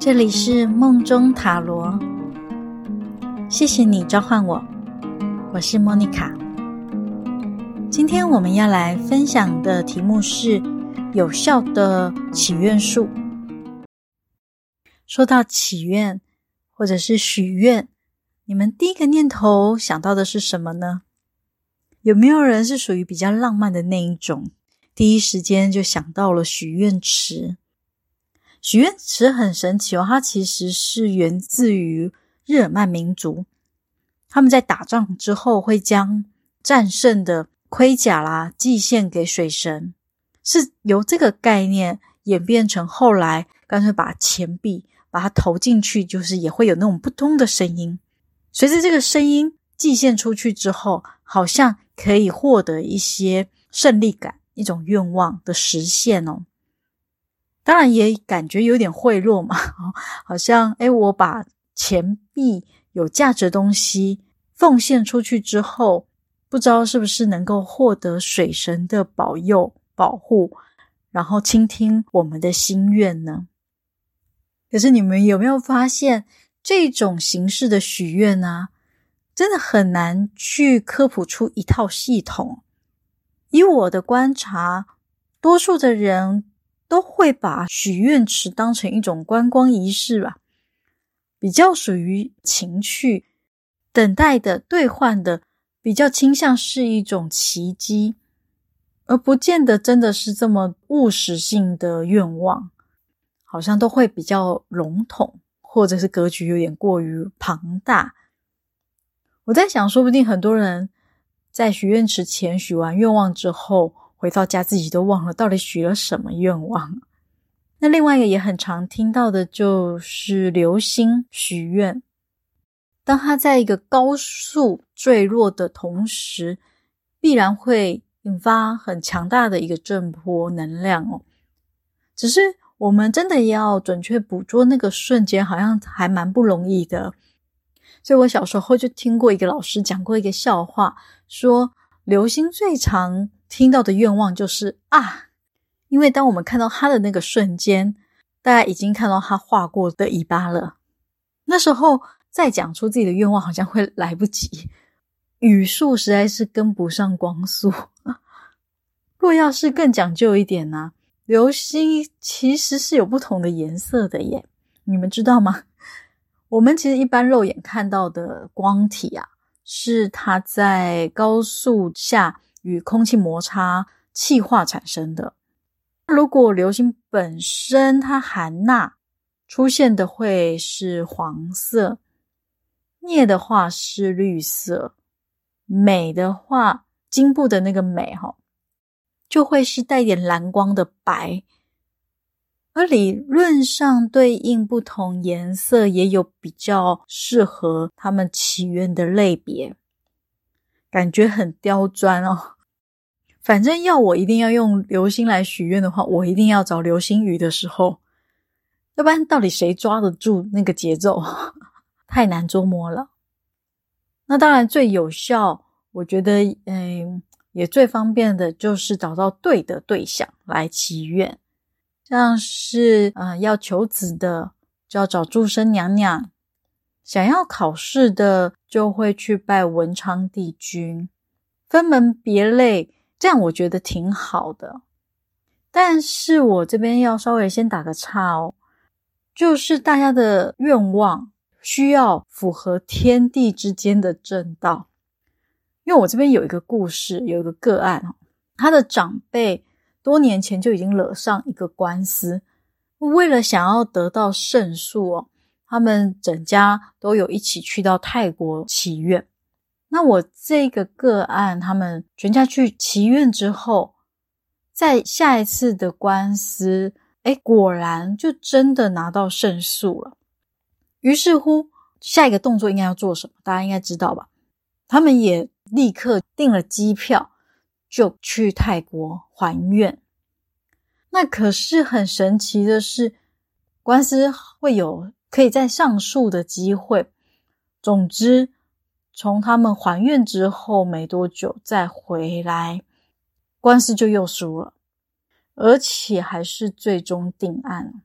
這裡是夢中塔羅，謝謝你召喚我，我是莫妮卡。今天我們要來分享的題目是有效的祈願術。說到祈願或者是許願，你們第一個念頭想到的是什麼呢？有沒有人是屬於比較浪漫的那一種，第一時間就想到了許願池？許願池很神奇哦，它其實是源自於日耳曼民族，他們在打仗之後會將戰勝的盔甲啦、啊、祭獻給水神，是由這個概念演變成後來乾脆把錢幣把它投進去，就是也會有那種撲通的聲音，隨着這個聲音祭獻出去之後，好像可以獲得一些勝利感，一種願望的實現哦。當然也感覺有點賄賂嘛，好像，誒，我把錢幣、有價值東西奉獻出去之後，不知道是不是能夠獲得水神的保佑、保護，然後傾聽我們的心願呢？可是你們有沒有發現，這種形式的許願呢、啊，真的很難去科普出一套系統。以我的觀察，多數的人。都會把許願池當成一種觀光儀式吧，比較屬於情趣、等待的、兌換的，比較傾向是一種奇蹟，而不見得真的是這麼務實性的願望，好像都會比較籠統，或者是格局有點過於龐大。我在想說不定很多人在許願池前許完願望之後。回到家，自己都忘了到底許了什麼願望。那另外一個也很常聽到的，就是流星許願。當它在一個高速墜落的同時，必然會引發很強大的一個震波能量哦。只是我們真的要準確捕捉那個瞬間，好像還蠻不容易的。所以我小時候就聽過一個老師講過一個笑話，說流星最長。聽到的願望就是啊，因為當我們看到他的那個瞬間，大家已經看到他劃過的尾巴了。那時候再講出自己的願望，好像會來不及，語速實在是跟不上光速。若要是更講究一點呢、啊，流星其實是有不同的顏色的耶，你們知道嗎？我們其實一般肉眼看到的光體啊，是它在高速下。與空氣摩擦氣化產生的。如果流星本身它含鈉，出現的會是黃色；鎳的話是綠色；鎂的話，金部的那個鎂、哦、就會是帶點藍光的白。而理論上對應不同顏色，也有比較適合它們起源的類別。感覺很刁鑽哦，反正要我一定要用流星來許願的話，我一定要找流星雨的時候，要不然到底誰抓得住那個節奏？太難捉摸了。那當然，最有效，我覺得，嗯、呃，也最方便的，就是找到對的對象來祈願，像是，呃，要求子的，就要找註生娘娘。想要考試的就會去拜文昌帝君，分門別類，這樣我覺得挺好的。但是我這邊要稍微先打個岔哦，就是大家的願望需要符合天地之間的正道。因為我這邊有一個故事，有一個個案，他的長輩多年前就已經惹上一個官司，為了想要得到勝訴哦。他們整家都有一起去到泰國祈願。那我這個個案，他們全家去祈願之後，在下一次的官司，誒，果然就真的拿到勝訴了。於是乎，下一個動作應該要做什麼？大家應該知道吧？他們也立刻訂了機票，就去泰國還願。那可是很神奇的是，官司會有。可以在上訴的機會。總之，從他們還願之後沒多久，再回來，官司就又輸了，而且還是最終定案。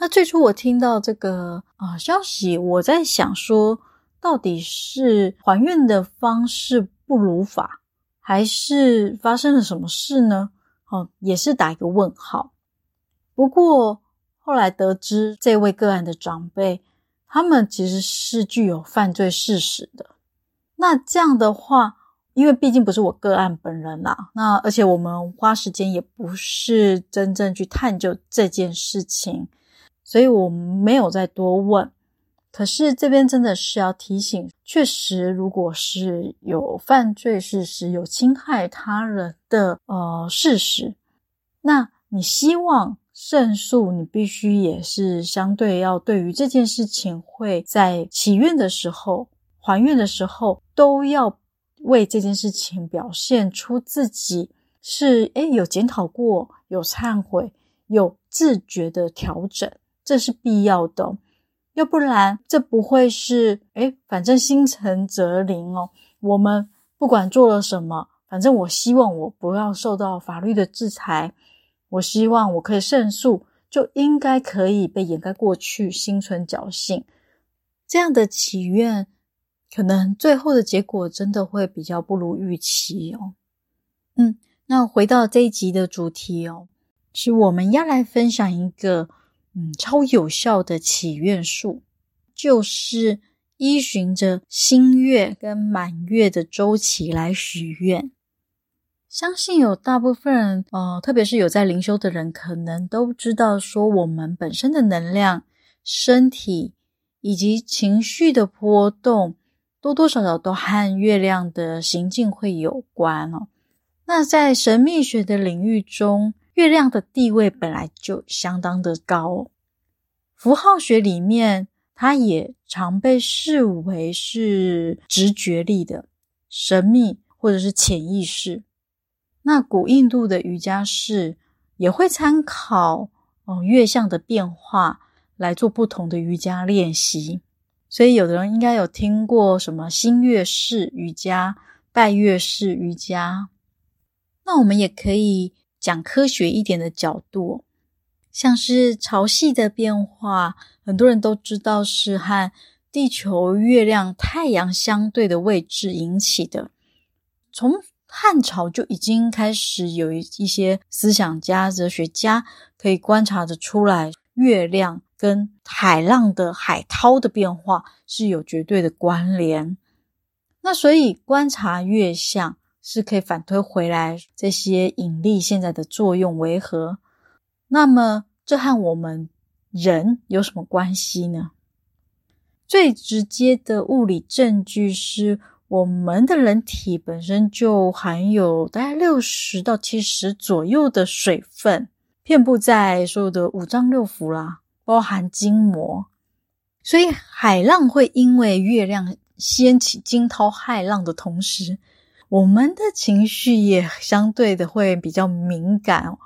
那最初我聽到這個啊消息，我在想說，到底是還願的方式不如法，還是發生了什麼事呢？哦，也是打一個問號。不過。後來得知，這位個案的長輩，他們其實是具有犯罪事實的。那這樣的話，因為畢竟不是我個案本人啦、啊，那而且我們花時間也不是真正去探究這件事情，所以我沒有再多問。可是這邊真的是要提醒，確實，如果是有犯罪事實、有侵害他人的呃事實，那你希望。勝訴，你必須也是相對要對於這件事情，會在祈願的時候、還願的時候，都要為這件事情表現出自己是誒、欸、有檢討過、有懺悔、有自覺的調整，這是必要的、哦。要不然，這不會是誒、欸、反正心誠則靈哦。我們不管做了什麼，反正我希望我不要受到法律的制裁。我希望我可以勝訴，就應該可以被掩蓋過去，心存僥倖，這樣的祈願，可能最後的結果真的會比較不如預期哦。嗯，那回到這一集的主題哦，是我們要來分享一個嗯超有效的祈願術，就是依循着新月跟滿月的週期來許願。相信有大部分人，呃，特別是有在靈修的人，可能都知道說，我們本身的能量、身體以及情緒的波動，多多少少都和月亮的行進會有關哦。那在神秘學的領域中，月亮的地位本來就相當的高哦。符號學裡面，它也常被視為是直覺力的神秘或者是潛意識。那古印度的瑜伽士也會參考哦月相的變化來做不同的瑜伽練習，所以有的人應該有聽過什麼新月式瑜伽、拜月式瑜伽。那我們也可以講科學一點的角度，像是潮汐的變化，很多人都知道是和地球、月亮、太陽相對的位置引起的。從漢朝就已經開始有一一些思想家、哲學家可以觀察得出來，月亮跟海浪的海濤的變化是有絕對的關聯。那所以觀察月相是可以反推回來這些引力現在的作用為何？那麼這和我們人有什麼關係呢？最直接的物理證據是。我們的人體本身就含有大概六十到七十左右的水分，遍布在所有的五臟六腑啦，包含筋膜。所以海浪會因為月亮掀起驚濤駭浪的同時，我們的情緒也相對的會比較敏感，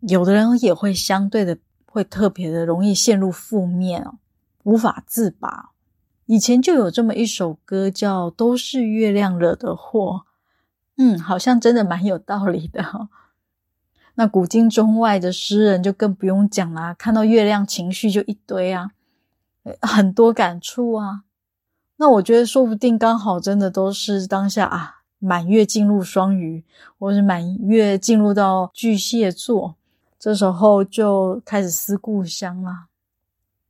有的人也會相對的會特別的容易陷入負面，無法自拔。以前就有這麼一首歌，叫《都是月亮惹的禍》。嗯，好像真的蠻有道理的哦。那古今中外的詩人就更不用講啦，看到月亮情緒就一堆啊，很多感觸啊。那我覺得說不定剛好真的都是當下啊，滿月進入雙魚，或是滿月進入到巨蟹座，這時候就開始思故鄉啦。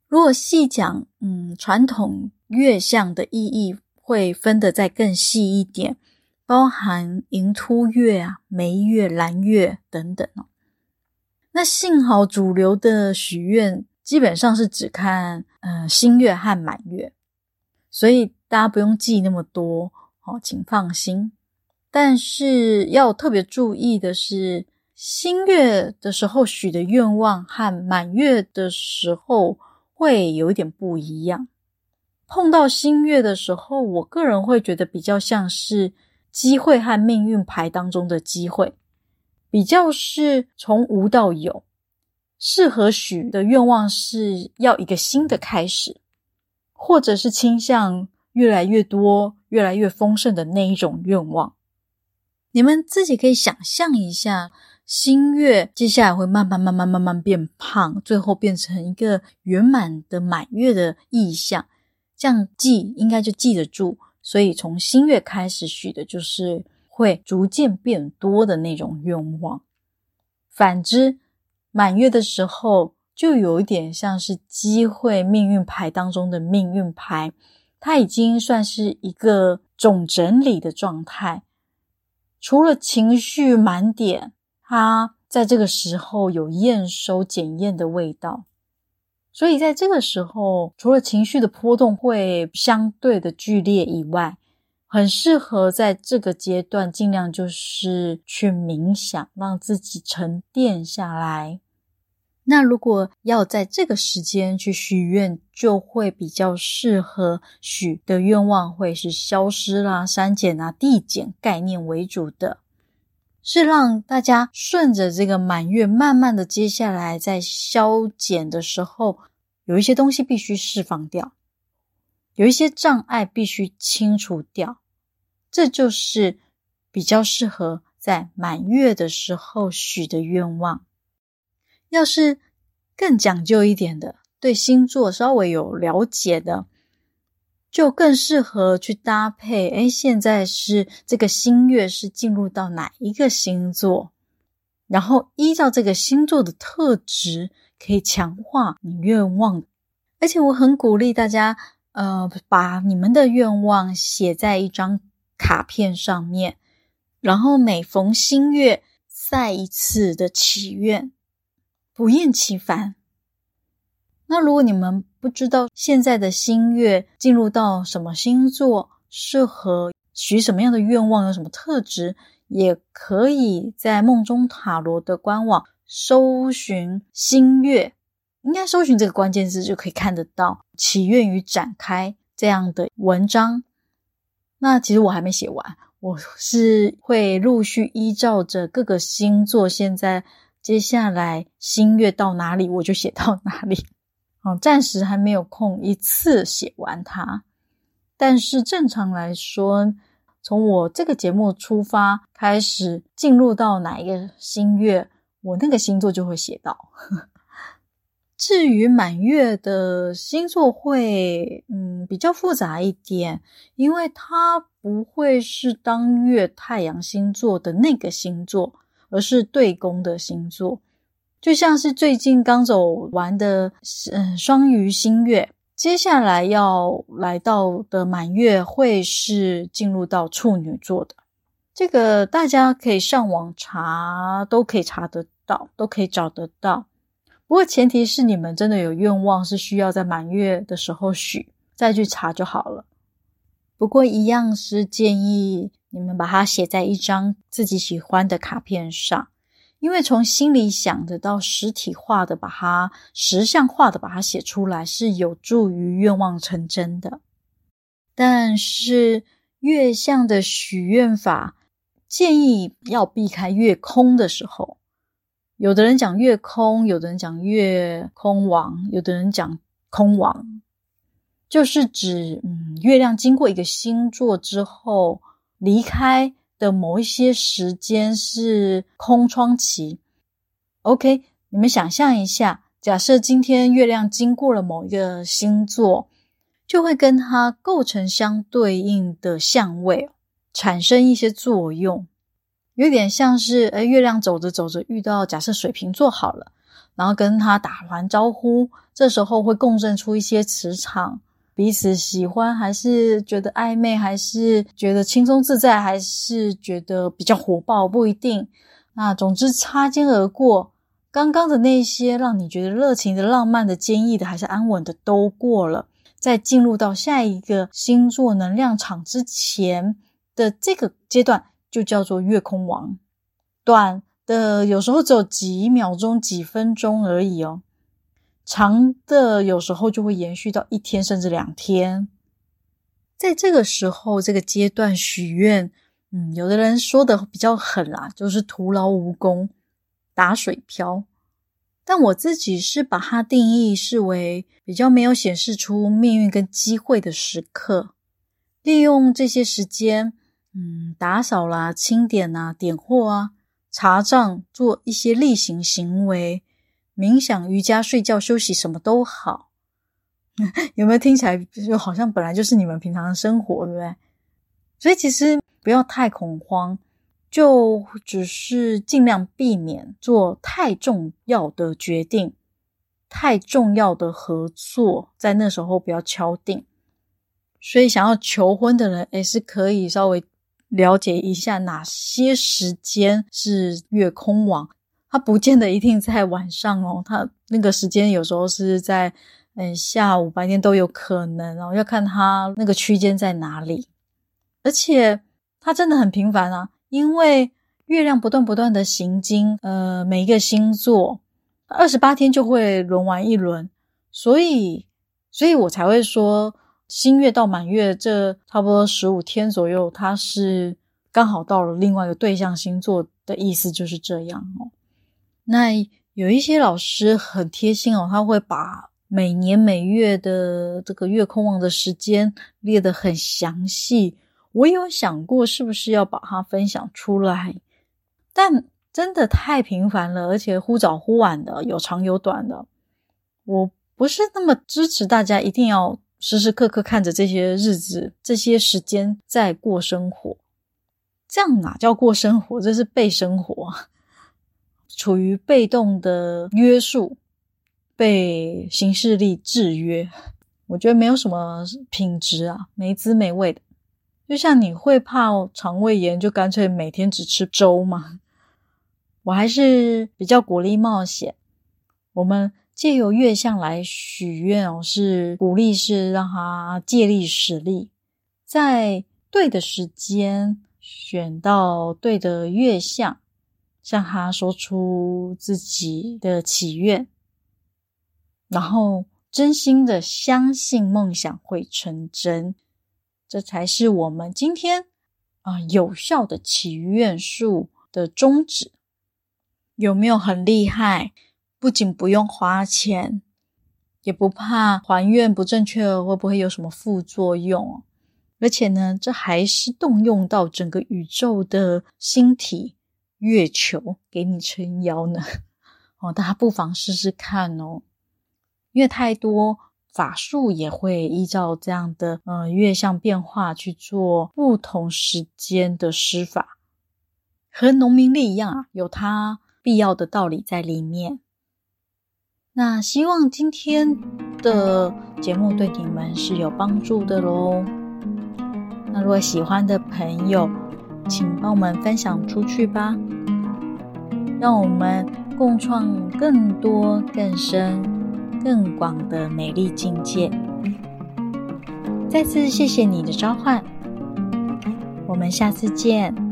如果細講，嗯，傳統。月相的意義會分得再更細一點，包含盈凸月啊、眉月、藍月等等哦。那幸好主流的許願基本上是只看嗯、呃、新月和滿月，所以大家不用記那麼多哦，請放心。但是要特別注意的是，新月的時候許的願望和滿月的時候會有一點不一樣。碰到新月的時候，我個人會覺得比較像是機會和命運牌當中的機會，比較是從無到有。適合許的願望是要一個新的開始，或者是傾向越來越多、越來越豐盛的那一種願望。你們自己可以想象一下，新月接下來會慢慢、慢慢、慢慢變胖，最後變成一個圓滿的滿月的意象。這樣記應該就記得住，所以從新月開始許的就是會逐漸變多的那種願望。反之，滿月的時候就有一點像是機會命運牌當中的命運牌，它已經算是一個總整理的狀態。除了情緒滿點，它在這個時候有驗收檢驗的味道。所以在這個時候，除了情緒的波動會相對的劇烈以外，很適合在這個階段盡量就是去冥想，讓自己沉澱下來。那如果要在這個時間去許願，就會比較適合許的願望會是消失啦、啊、刪減啊、遞減概念為主的，是讓大家順着這個滿月，慢慢的接下來在消減的時候。有一些東西必須釋放掉，有一些障礙必須清除掉，這就是比較適合在滿月的時候許的願望。要是更講究一點的，對星座稍微有了解的，就更適合去搭配。誒、哎，現在是這個新月是進入到哪一個星座，然後依照這個星座的特質。可以強化你願望，而且我很鼓勵大家，呃，把你們的願望寫在一張卡片上面，然後每逢新月再一次的祈願，不厭其煩。那如果你們不知道現在的新月進入到什麼星座，適合許什麼樣的願望，有什麼特質，也可以在夢中塔羅的官網，搜尋新月，應該搜尋這個關鍵字就可以看得到祈願於展開這樣的文章。那其實我還沒寫完，我是會陸續依照着各個星座現在接下來新月到哪裡，我就寫到哪裡。嗯，暫時還沒有空一次寫完它，但是正常來說，從我這個節目出發開始進入到哪一個新月。我那個星座就會寫到。 至於滿月的星座會，嗯，比較複雜一點，因為它不會是當月太陽星座的那個星座，而是對宮的星座。就像是最近剛走完的，嗯，雙魚新月，接下來要來到的滿月會是進入到處女座的。這個大家可以上網查，都可以查得到，都可以找得到。不過前提是你們真的有願望，是需要在滿月的時候許，再去查就好了。不過一樣是建議你們把它寫在一張自己喜歡的卡片上，因為從心裡想的到實體化的，把它實相化的把它寫出來，是有助於願望成真的。但是月相的許願法。建議要避開月空的時候，有的人講月空，有的人講月空亡，有的人講空亡，就是指嗯，月亮經過一個星座之後離開的某一些時間是空窗期。OK，你們想象一下，假設今天月亮經過了某一個星座，就會跟它構成相對應的相位。產生一些作用，有點像是哎，月亮走着走着遇到假設水瓶座好了，然後跟他打完招呼，這時候會共振出一些磁場，彼此喜歡還是覺得曖昧，還是覺得輕鬆自在，還是覺得比較火爆，不一定。那總之，擦肩而過，剛剛的那些讓你覺得熱情的、浪漫的、堅毅的，還是安穩的，都過了，在進入到下一個星座能量場之前。的這個階段就叫做月空亡，短的有時候只有幾秒鐘、幾分鐘而已哦，長的有時候就會延續到一天甚至兩天。在這個時候、這個階段許願，嗯，有的人說得比較狠啦、啊，就是徒勞無功、打水漂。但我自己是把它定義視為比較沒有顯示出命運跟機會的時刻，利用這些時間。嗯，打掃啦、清點啊、點貨啊、查賬，做一些例行行為；冥想、瑜伽、睡覺、休息，什麼都好。 有沒有聽起來就好像本來就是你們平常的生活，對不對？所以其實不要太恐慌，就只是盡量避免做太重要的決定、太重要的合作，在那時候不要敲定。所以想要求婚的人，也是可以稍微。了解一下哪些時間是月空亡，它不見得一定在晚上哦，它那個時間有時候是在嗯、哎、下午白天都有可能哦，要看它那個區間在哪裡。而且它真的很頻繁啊，因為月亮不斷不斷的行經，呃，每一個星座二十八天就會輪完一輪，所以，所以我才會說。新月到滿月這差不多十五天左右，它是剛好到了另外一個對象星座的意思就是這樣哦。那有一些老師很貼心哦，他會把每年每月的這個月空亡的時間列得很詳細。我有想過是不是要把它分享出來，但真的太頻繁了，而且忽早忽晚的，有長有短的，我不是那麼支持大家一定要。時時刻刻看着這些日子、這些時間在過生活，這樣哪叫過生活？這是被生活啊，處於被動的約束，被行事曆制約。我覺得沒有什麼品質啊，沒滋沒味的。就像你會怕腸胃炎，就乾脆每天只吃粥嘛？我還是比較鼓勵冒險。我們。借由月相來許願哦，是鼓勵，是讓他借力使力，在對的時間選到對的月相，向他說出自己的祈願，然後真心的相信夢想會成真，這才是我們今天啊，呃，有效的祈願術的宗旨。有沒有很厲害？不僅不用花錢，也不怕還願不正確會不會有什麼副作用？而且呢，這還是動用到整個宇宙的星體、月球給你撐腰呢。哦，大家不妨試試看哦。因為太多法術也會依照這樣的呃月相變化去做不同時間的施法，和農民曆一樣啊，有它必要的道理在裡面。那希望今天的節目對你們是有幫助的嘍。那如果喜歡的朋友，請幫我們分享出去吧，讓我們共創更多、更深、更廣的美麗境界。再次謝謝你的召喚，我們下次見。